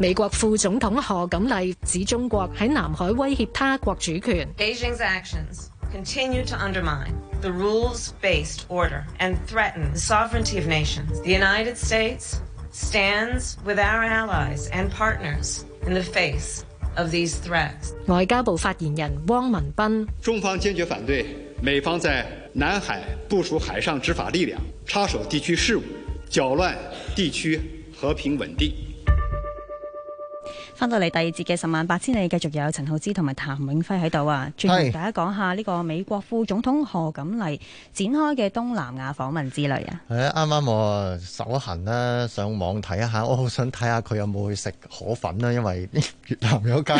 美國副總統賀錦麗指中國喺南海威脅他國主權。Beijing's actions continue to undermine the rules based order and threaten the sovereignty of nations. The United States stands with our allies and partners in the face of these threats. 外交部發言人汪文斌：中方堅決反對美方在南海部署海上執法力量，插手地區事務，攪亂地區和平穩定。翻到嚟第二節嘅十萬八千里，繼續有陳浩之同埋譚永輝喺度啊！轉同大家講下呢個美國副總統賀錦麗展開嘅東南亞訪問之旅啊！係啊，啱啱我手痕啦，上網睇一下，我好想睇下佢有冇去食河粉啊。因為越 南有間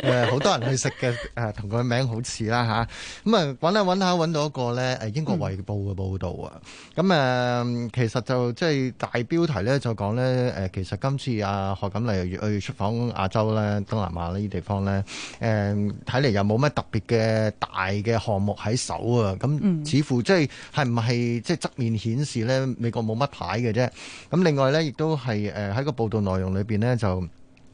誒好 多人去食嘅誒，同 佢名字好似啦吓，咁啊，揾下揾下揾到一個咧，誒英國《衛報》嘅報導啊。咁、嗯、誒，其實就即係大標題咧，就講咧誒，其實今次啊，賀錦麗越去出講亞洲咧，東南亞呢啲地方咧，誒，睇嚟又冇乜特別嘅大嘅項目喺手啊，咁似乎即係係唔係即係側面顯示咧，美國冇乜牌嘅啫。咁另外咧，亦都係誒喺個報道內容裏邊咧，就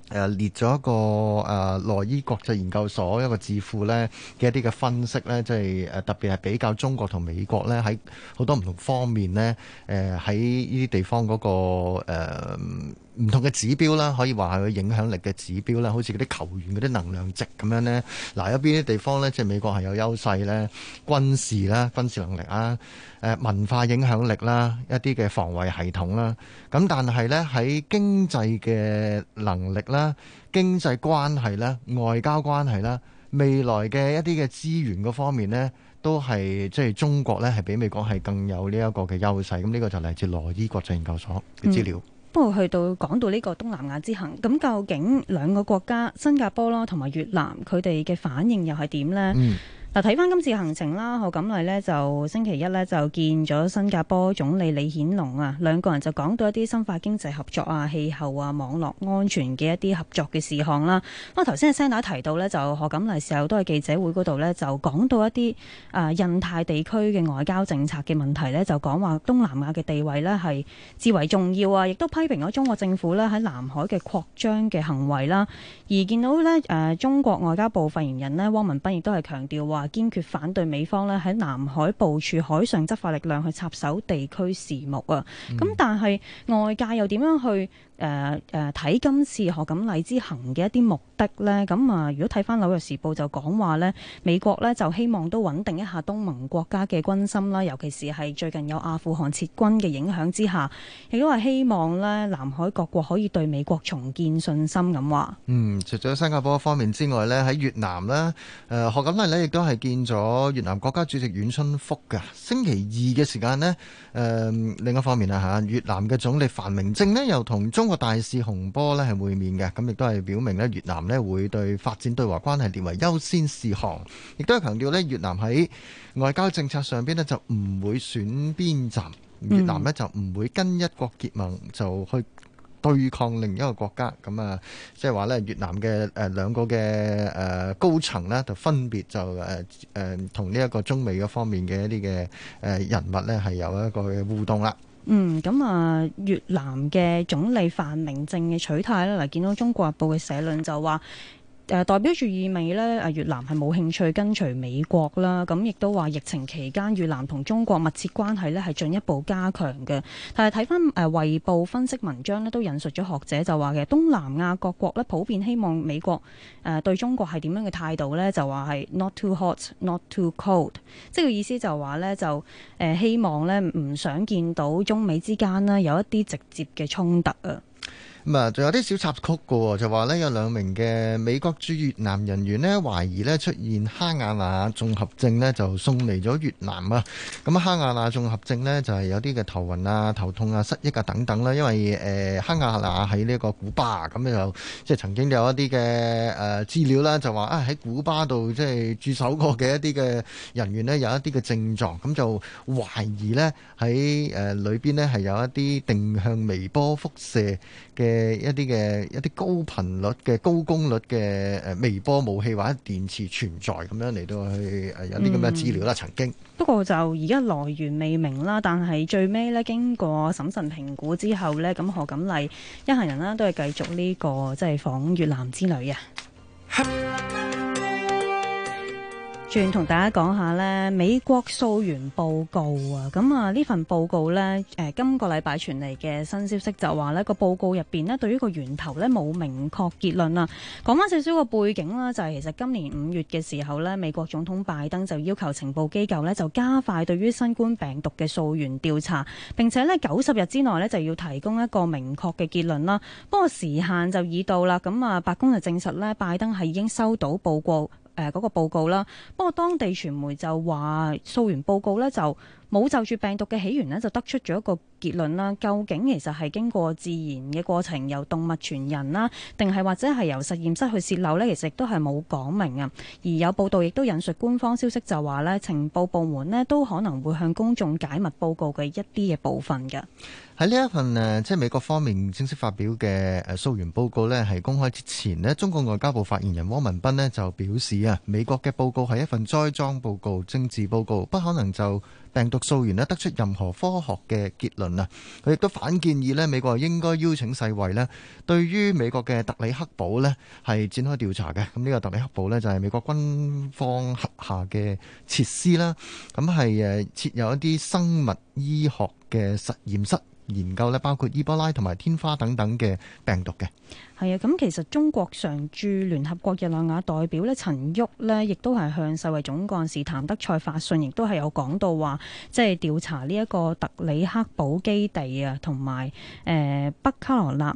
誒列咗一個誒羅，呃，伊國際研究所一個智庫咧嘅一啲嘅分析咧，即係誒特別係比較中國同美國咧喺好多唔同方面咧，誒喺呢啲地方嗰，嗰個誒。呃唔同嘅指標啦，可以話係佢影響力嘅指標啦，好似嗰啲球員嗰啲能量值咁樣呢，嗱，有邊啲地方呢，即係美國係有優勢呢，軍事啦，軍事能力啦、誒，文化影響力啦，一啲嘅防衛系統啦。咁但係呢，喺經濟嘅能力啦、經濟關係啦、外交關係啦、未來嘅一啲嘅資源嗰方面呢，都係即係中國呢，係比美國係更有呢一個嘅優勢。咁、這、呢個就嚟自羅伊國際研究所嘅資料。嗯不過去到講到呢個東南亞之行，咁究竟兩個國家新加坡啦同埋越南佢哋嘅反應又係點咧？嗯嗱，睇翻今次行程啦，賀錦麗呢，就星期一呢，就見咗新加坡總理李顯龍啊，兩個人就講到一啲深化經濟合作啊、氣候啊、網絡安全嘅一啲合作嘅事項啦。咁啊，頭先嘅聲帶提到呢，就賀錦麗時候都喺記者會嗰度呢，就講到一啲誒印太地區嘅外交政策嘅問題呢，就講話東南亞嘅地位呢係至為重要啊，亦都批評咗中國政府呢喺南海嘅擴張嘅行為啦。而見到呢，誒中國外交部發言人呢，汪文斌亦都係強調話，堅決反對美方咧喺南海部署海上執法力量去插手地區事務啊！咁、嗯、但係外界又點樣去？誒、呃、誒，睇、呃、今次賀錦麗之行嘅一啲目的呢？咁啊，如果睇翻《紐約時報》就講話呢，美國呢就希望都穩定一下東盟國家嘅軍心啦，尤其是係最近有阿富汗撤軍嘅影響之下，亦都係希望呢，南海各國可以對美國重建信心咁話。嗯，除咗新加坡方面之外呢，喺越南呢，誒、呃、賀錦麗呢亦都係見咗越南國家主席阮春福噶，星期二嘅時間呢，誒、呃、另一方面啦、啊、嚇、啊，越南嘅總理范明政呢，又同中國個大市洪波咧，係會面嘅，咁亦都係表明咧，越南呢會對發展對華關係列為優先事項，亦都係強調咧越南喺外交政策上邊呢就唔會選邊站。嗯，越南呢就唔會跟一國結盟就去對抗另一個國家，咁啊即係話咧，越南嘅誒兩個嘅誒高層呢，就分別就誒、誒同呢一個中美方面嘅一啲嘅誒人物呢係有一個嘅互動啦。嗯，咁啊，越南嘅總理范明政嘅取態啦，嗱，見到中國日報嘅社論就話。呃、代表住意味咧越南係冇興趣跟隨美國啦，咁亦都話疫情期間越南同中國密切關係咧係進一步加強嘅。但係睇翻誒《衛報》分析文章咧，都引述咗學者就話嘅東南亞各國呢普遍希望美國誒、呃、對中國係點樣嘅態度呢？就話係 not too hot, not too cold，即係、個、意思就話咧就希望咧唔想見到中美之間呢有一啲直接嘅衝突啊。咁、嗯、啊，仲有啲小插曲噶，就話咧有兩名嘅美國駐越南人員咧，懷疑咧出現哈瓦那綜合症咧，就送嚟咗越南啊。咁啊，哈瓦那綜合症咧就係、是、有啲嘅頭暈啊、頭痛啊、失憶啊等等啦。因為誒、呃、哈瓦那喺呢個古巴咁就即係曾經有一啲嘅誒資料啦，就話啊喺古巴度即係駐守過嘅一啲嘅人員咧，有一啲嘅症狀，咁就懷疑咧喺誒裏邊咧係有一啲定向微波輻射嘅。嘅一啲嘅一啲高頻率嘅高功率嘅誒微波武器或者電磁存在，咁樣嚟到去誒有啲咁樣資料啦曾經，不過就而家來源未明啦，但係最尾咧經過審慎評估之後咧，咁賀錦麗一行人啦都係繼續呢個即係訪越南之旅啊。轉同大家講下呢，美國溯源報告啊，咁啊呢份報告呢，誒、呃、今個禮拜傳嚟嘅新消息就話呢個報告入邊呢，對於個源頭呢，冇明確結論啦。講翻少少個背景啦，就係、是、其實今年五月嘅時候呢，美國總統拜登就要求情報機構呢，就加快對於新冠病毒嘅溯源調查，並且呢，九十日之內呢，就要提供一個明確嘅結論啦。不過時限就已到啦，咁啊白宮就證實呢，拜登係已經收到報告。誒、那、嗰個報告啦，不過當地傳媒就話，溯源報告咧就，冇就住病毒嘅起源呢，就得出咗一個結論啦。究竟其實，係經過自然嘅過程由動物傳人啦，定係或者係由實驗室去泄漏咧？其實亦都係冇講明啊。而有報道亦都引述官方消息，就話咧，情報部門咧都可能會向公眾解密報告嘅一啲嘅部分嘅。喺呢一份誒，即係美國方面正式發表嘅誒溯源報告咧，係公開之前咧，中國外交部發言人汪文斌咧就表示啊，美國嘅報告係一份栽贓報告、政治報告，不可能就。病毒溯源咧得出任何科學嘅結論啊！佢亦都反建議咧，美國應該邀請世衛咧，對於美國嘅特里克堡咧係展開調查嘅。咁、這、呢個特里克堡咧就係美國軍方轄下嘅設施啦。咁係誒設有一啲生物醫學嘅實驗室。研究咧，包括伊波拉同埋天花等等嘅病毒嘅。係啊，咁其實中國常駐聯合國日內瓦代表咧陳旭咧，亦都係向世衛總幹事譚德塞發信，亦都係有講到話，即係調查呢一個特里克堡基地啊，同埋誒北卡羅納。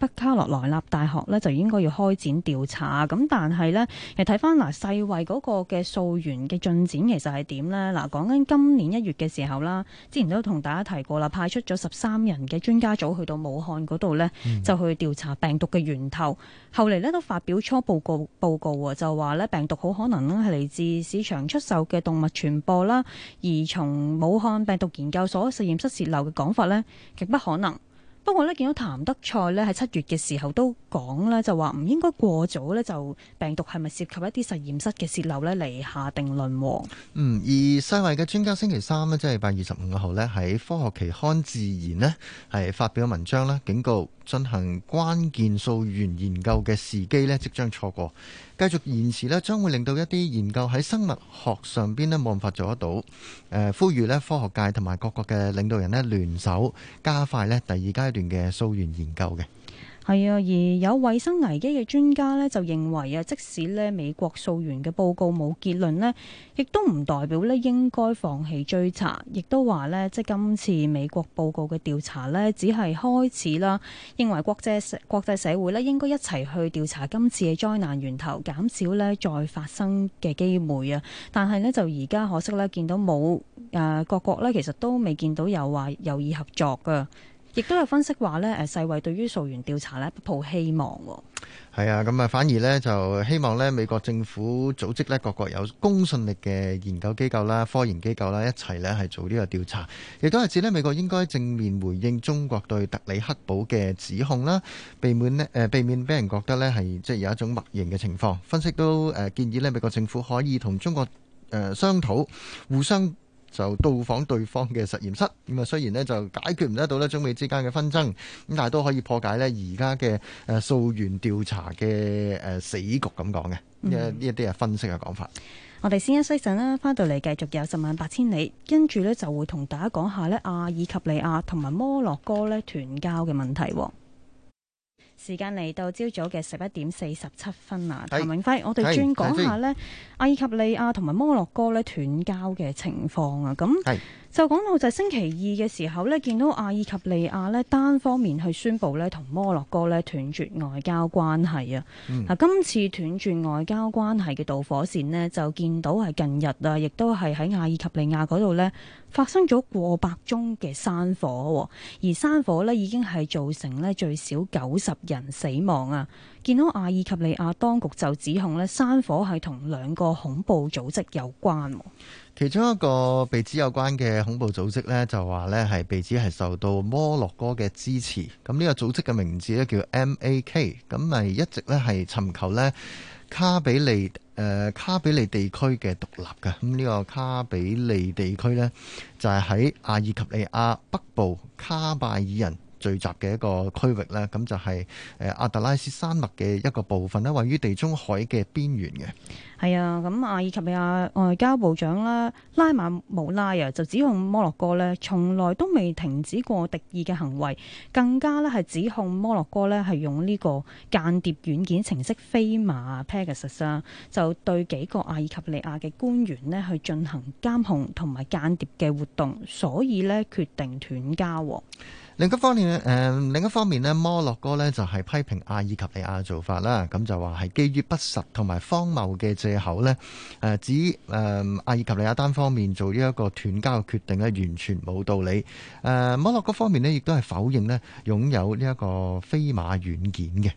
北卡羅來納大學呢，就應該要開展調查，咁但係呢，其實睇翻嗱世衞嗰個嘅溯源嘅進展其實係點呢？嗱，講緊今年一月嘅時候啦，之前都同大家提過啦，派出咗十三人嘅專家組去到武漢嗰度呢，就去調查病毒嘅源頭。嗯、後嚟呢，都發表初步報告報告喎，就話呢，病毒好可能呢係嚟自市場出售嘅動物傳播啦，而從武漢病毒研究所實驗室洩漏嘅講法呢，極不可能。不過呢，見到譚德塞呢喺七月嘅時候都，講咧就話唔應該過早咧就病毒係咪涉及一啲實驗室嘅泄漏咧嚟下定論。嗯，而世衛嘅專家星期三呢，即係八月十五號呢，喺科學期刊《自然》呢係發表文章啦，警告進行關鍵溯源研究嘅時機呢，即將錯過，繼續延遲呢，將會令到一啲研究喺生物學上邊呢，冇辦法做得到。誒，呼籲咧科學界同埋各國嘅領導人呢，聯手加快呢第二階段嘅溯源研究嘅。係啊，而有衛生危機嘅專家呢，就認為啊，即使咧美國溯源嘅報告冇結論呢，亦都唔代表咧應該放棄追查，亦都話呢，即係今次美國報告嘅調查呢，只係開始啦。認為國際國際社會咧應該一齊去調查今次嘅災難源頭，減少咧再發生嘅機會啊。但係呢，就而家可惜呢，見到冇誒各國呢，其實都未見到有話有意合作噶。亦都有分析話呢，誒世衛對於溯源調查不抱希望。係啊，咁啊反而呢，就希望呢美國政府組織呢各國有公信力嘅研究機構啦、科研機構啦一齊呢係做呢個調查。亦都係指呢，美國應該正面回應中國對特里克堡嘅指控啦，避免呢誒避免俾人覺得呢係即係有一種默認嘅情況。分析都誒建議呢，美國政府可以同中國誒商討，互相，就到訪對方嘅實驗室，咁啊雖然咧就解決唔得到咧中美之間嘅紛爭，咁但係都可以破解咧而家嘅誒溯源調查嘅誒死局。咁講嘅，呢一啲係分析嘅講法。嗯、我哋先休息陣啦，翻到嚟繼續有十萬八千里，跟住咧就會同大家講下咧阿爾及利亞同埋摩洛哥咧斷交嘅問題。時間嚟到朝早嘅十一點四十七分啦，譚永輝，我哋轉講下呢，阿爾及利亞同埋摩洛哥呢斷交嘅情況啊，咁。就講到就星期二嘅時候呢，見到阿爾及利亞咧，單方面去宣布呢，同摩洛哥咧斷絕外交關係啊！啊、嗯，今次斷絕外交關係嘅導火線呢，就見到係近日啊，亦都係喺阿爾及利亞嗰度呢，發生咗過百宗嘅山火，而山火呢，已經係造成呢，最少九十人死亡啊！見到阿爾及利亞當局就指控呢，山火係同兩個恐怖組織有關。其中一個被指有關嘅恐怖組織咧，就話咧係被指係受到摩洛哥嘅支持。咁、這、呢個組織嘅名字咧叫 MAK，咁咪一直咧係尋求咧卡比利誒、呃、卡比利地區嘅獨立嘅。咁、這、呢個卡比利地區咧就係喺阿爾及利亞北部卡拜爾人聚集嘅一個區域咧。咁就係誒阿特拉斯山脈嘅一個部分啦，位於地中海嘅邊緣嘅。係啊，咁阿爾及利亞外交部長啦拉馬姆拉亞就指控摩洛哥咧，從來都未停止過敵意嘅行為，更加咧係指控摩洛哥咧係用呢個間諜軟件程式飛馬 Pegasus 啊，就對幾個阿爾及利亞嘅官員咧去進行監控同埋間諜嘅活動，所以咧決定斷交。另一方面，誒、嗯、另一方面咧，摩洛哥咧就係批評阿爾及利亞嘅做法啦，咁就話係基於不實同埋荒謬嘅借口咧，誒指誒阿爾及利亞單方面做呢一個斷交嘅決定咧，完全冇道理。誒摩洛哥方面呢，亦都係否認咧擁有呢一個飛馬軟件嘅。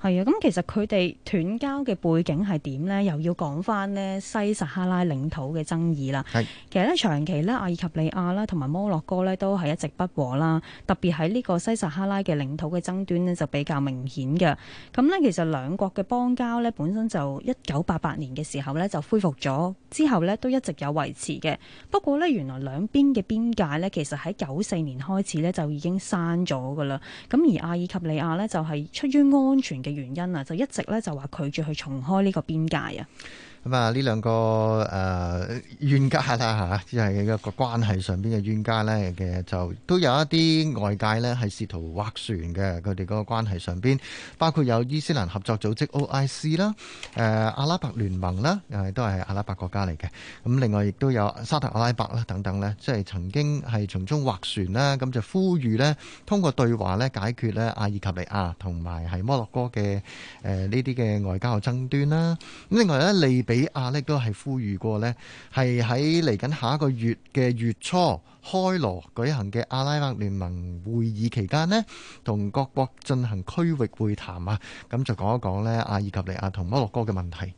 係啊，咁其實佢哋斷交嘅背景係點呢？又要講返呢，西撒哈拉領土嘅爭議啦。係，其實呢，長期呢，阿爾及利亞啦同埋摩洛哥呢都係一直不和啦，特別喺呢個西撒哈拉嘅領土嘅爭端呢，就比較明顯嘅。咁呢，其實兩國嘅邦交呢，本身就一九八八年嘅時候呢就恢復咗，之後呢都一直有維持嘅。不過呢，原來兩邊嘅邊界呢，其實喺九四年開始呢就已經刪咗㗎啦。咁而阿爾及利亞呢，就係出於安全嘅。原因啊，就一直咧就話拒絕去重開呢個邊界啊。咁啊，呢兩個誒冤家啦嚇，即係一個關係上邊嘅冤家咧嘅，就都有一啲外界咧係試圖劃船嘅，佢哋嗰個關係上邊，包括有伊斯蘭合作組織 OIC 啦，誒阿拉伯聯盟啦，又係都係阿拉伯國家嚟嘅。咁另外亦都有沙特阿拉伯啦等等咧，即係曾經係從中劃船啦，咁就呼籲咧通過對話咧解決咧阿爾及利亞同埋係摩洛哥嘅誒呢啲嘅外交爭端啦。咁另外咧利比阿力都係呼籲過呢，係喺嚟緊下一個月嘅月初開羅舉行嘅阿拉伯聯盟會議期間呢，同各國進行區域會談啊，咁就講一講咧，阿爾及利亞同摩洛哥嘅問題。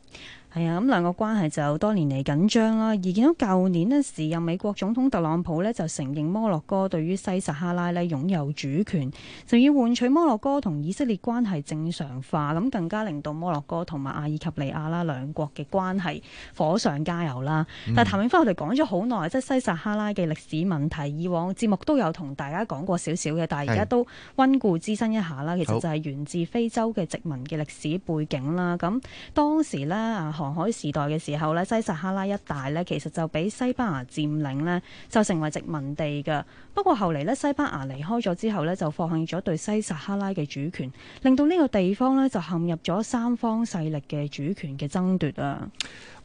係啊，咁兩個關係就多年嚟緊張啦。而見到舊年呢，時任美國總統特朗普呢就承認摩洛哥對於西撒哈拉呢擁有主權，就要換取摩洛哥同以色列關係正常化，咁更加令到摩洛哥同埋阿爾及利亞啦兩國嘅關係火上加油啦。嗯、但係談完翻我哋講咗好耐，即係西撒哈拉嘅歷史問題，以往節目都有同大家講過少少嘅，但係而家都溫故知新一下啦。其實就係源自非洲嘅殖民嘅歷史背景啦。咁當時呢。啊～航海時代嘅時候咧，西撒哈拉一帶咧，其實就俾西班牙佔領咧，就成為殖民地嘅。不過後嚟咧，西班牙離開咗之後咧，就放棄咗對西撒哈拉嘅主權，令到呢個地方咧就陷入咗三方勢力嘅主權嘅爭奪啦。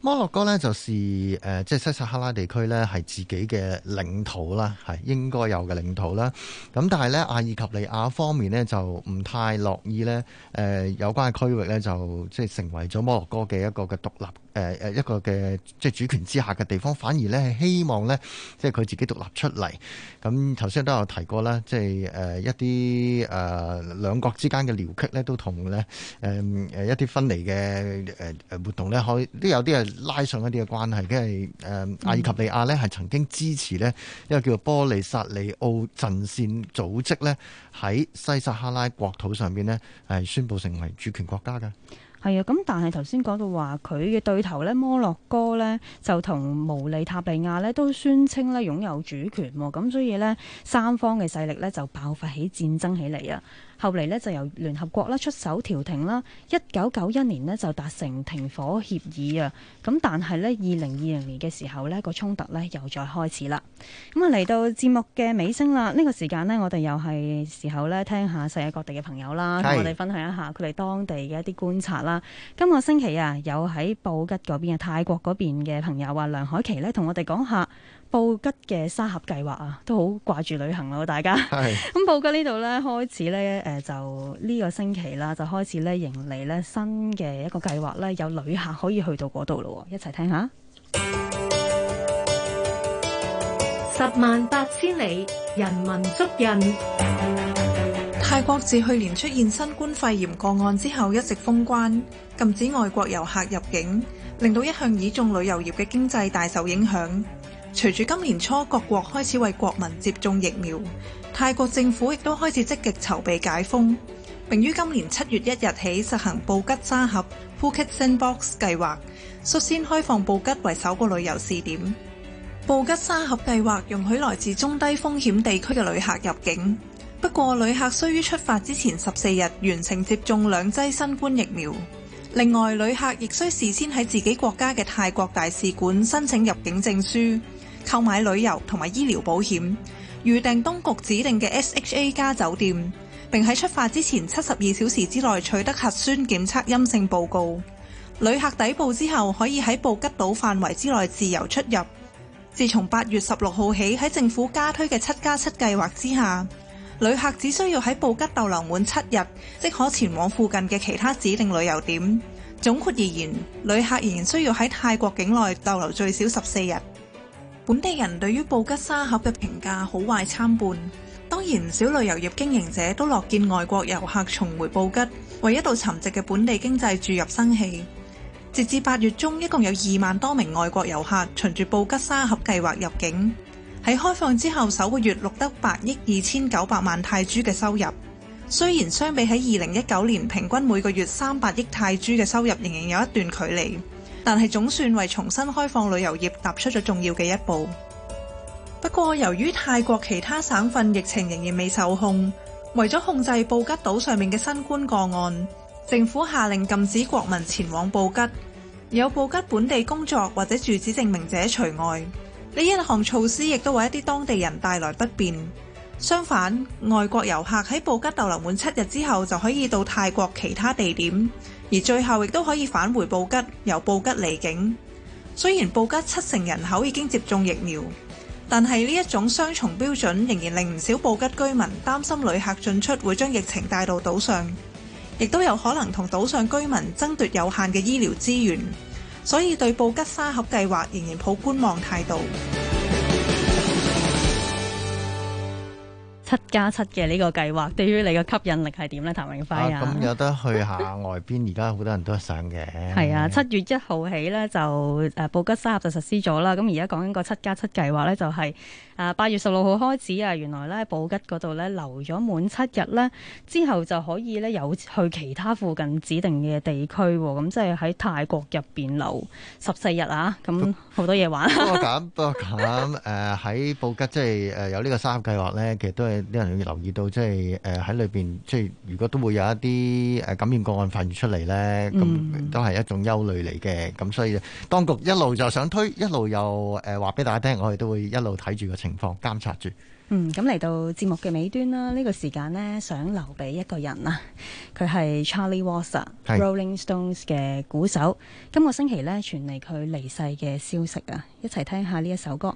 摩洛哥呢，就是誒，即係西撒哈拉地區咧，係自己嘅領土啦，係應該有嘅領土啦。咁但係呢，阿爾及利亞方面呢，就唔太樂意咧，誒有關嘅區域咧就即係成為咗摩洛哥嘅一個嘅。獨立誒誒、呃、一個嘅即係主權之下嘅地方，反而咧係希望咧，即係佢自己獨立出嚟。咁頭先都有提過啦，即係誒、呃、一啲誒、呃、兩國之間嘅聊隙咧，都同咧誒誒一啲分離嘅誒誒活動咧，可、呃、都有啲係拉上一啲嘅關係嘅。誒、呃嗯、阿爾及利亞咧，係曾經支持呢一個叫做波利薩里奧陣線組織咧，喺西撒哈拉國土上邊呢，係宣布成為主權國家嘅。係啊，咁但係頭先講到話佢嘅對頭咧，摩洛哥呢，就同毛利塔利亞呢，都宣稱呢，擁有主權，咁所以呢，三方嘅勢力呢，就爆發起戰爭起嚟啊！後嚟呢，就由聯合國啦出手調停啦，一九九一年呢，就達成停火協議啊。咁但係呢，二零二零年嘅時候呢，個衝突呢，又再開始啦。咁啊嚟到節目嘅尾聲啦，呢個時間呢，我哋又係時候呢，聽下世界各地嘅朋友啦，同我哋分享一下佢哋當地嘅一啲觀察啦。今個星期啊有喺布吉嗰邊嘅泰國嗰邊嘅朋友啊梁凱琪呢，同我哋講下。布吉嘅沙盒計劃啊，都好掛住旅行咯，大家。係。咁布吉呢度咧，開始咧，誒、呃，就呢、呢個星期啦，就開始咧，迎嚟咧新嘅一個計劃咧，有旅客可以去到嗰度咯。一齊聽一下，十萬八千里，人文足印。泰國自去年出現新冠肺炎個案之後，一直封關，禁止外國遊客入境，令到一向倚重旅遊業嘅經濟大受影響。隨住今年初各國開始為國民接種疫苗，泰國政府亦都開始積極籌備解封，并於今年七月一日起實行布吉沙盒 p o u k e t Sandbox） 計劃，率先開放布吉為首個旅遊試點。布吉沙盒計劃容許來自中低風險地區嘅旅客入境，不過旅客需於出發之前十四日完成接種兩劑新冠疫苗。另外，旅客亦需事先喺自己國家嘅泰國大使館申請入境證書。購買旅遊同埋醫療保險，預訂當局指定嘅 SHA 加酒店，並喺出發之前七十二小時之內取得核酸檢測陰性報告。旅客抵埗之後可以喺布吉島範圍之內自由出入。自從八月十六號起喺政府加推嘅七加七計劃之下，旅客只需要喺布吉逗留滿七日，即可前往附近嘅其他指定旅遊點。總括而言，旅客仍然需要喺泰國境內逗留最少十四日。本地人對於布吉沙盒嘅評價好壞參半，當然唔少旅遊業經營者都樂見外國遊客重回布吉，為一度沉寂嘅本地經濟注入生氣。直至八月中，一共有二萬多名外國遊客循住布吉沙盒計劃入境，喺開放之後首個月錄得八億二千九百萬泰銖嘅收入。雖然相比喺二零一九年平均每個月三百億泰銖嘅收入，仍然有一段距離。但係總算為重新開放旅遊業踏出咗重要嘅一步。不過，由於泰國其他省份疫情仍然未受控，為咗控制布吉島上面嘅新冠個案，政府下令禁止國民前往布吉，有布吉本地工作或者住址證明者除外。呢一項措施亦都為一啲當地人帶來不便。相反，外國遊客喺布吉逗留滿七日之後就可以到泰國其他地點。而最後亦都可以返回布吉，由布吉離境。雖然布吉七成人口已經接種疫苗，但係呢一種雙重標準仍然令唔少布吉居民擔心旅客進出會將疫情帶到島上，亦都有可能同島上居民爭奪有限嘅醫療資源。所以對布吉沙盒計劃仍然抱觀望態度。加七嘅呢個計劃對於你嘅吸引力係點咧？譚永輝啊，咁、啊、有得去下外邊，而家好多人都想嘅。係啊，七月一號起咧就誒、啊、布吉沙盒就實施咗啦。咁而家講緊個七加七計劃咧，就係、是、啊八月十六號開始啊，原來咧布吉嗰度咧留咗滿七日咧，之後就可以咧有去其他附近指定嘅地區喎。咁、啊啊、即係喺泰國入邊留十四日啊，咁好、啊、多嘢玩。不過咁，不過咁誒喺布吉即係誒有呢個沙盒計劃咧，其實都係。要留意到，即係誒喺裏邊，即係如果都會有一啲誒感染個案發現出嚟咧，咁都係一種憂慮嚟嘅。咁所以當局一路就想推，一路又誒話俾大家聽，我哋都會一路睇住個情況，監察住。嗯，咁嚟到節目嘅尾端啦，呢個時間咧想留俾一個人啦，佢係 Charlie Watts，Rolling Stones 嘅鼓手。今個星期咧傳嚟佢離世嘅消息啊，一齊聽下呢一首歌。